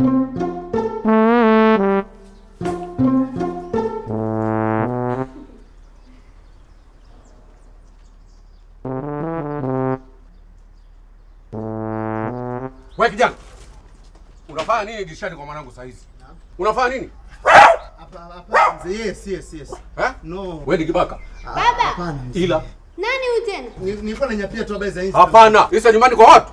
Wewe kijana. Unafanya nini dirishani kwa mwanangu saa hizi? Unafanya nini? Yes yes yes. Eh? No. Wewe ni kibaka. Baba. Hapana. Ila. Nani huyu tena? Nilikuwa nanyapia tu habari za hizi. Hapana. nyumbani kwa watu.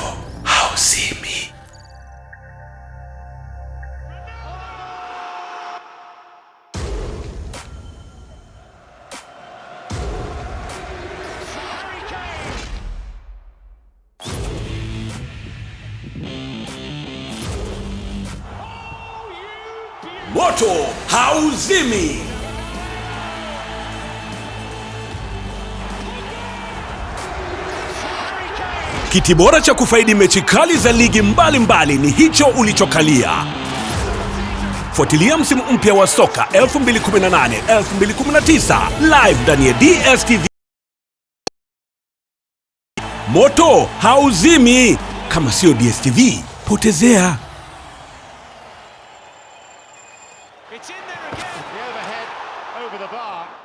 moto hauzimi. Kiti bora cha kufaidi mechi kali za ligi mbalimbali mbali ni hicho ulichokalia. Fuatilia msimu mpya wa soka 2018 2019 live ndani ya DStv. Moto hauzimi. Kama siyo DStv, potezea. It's in there again. The overhead over the bar.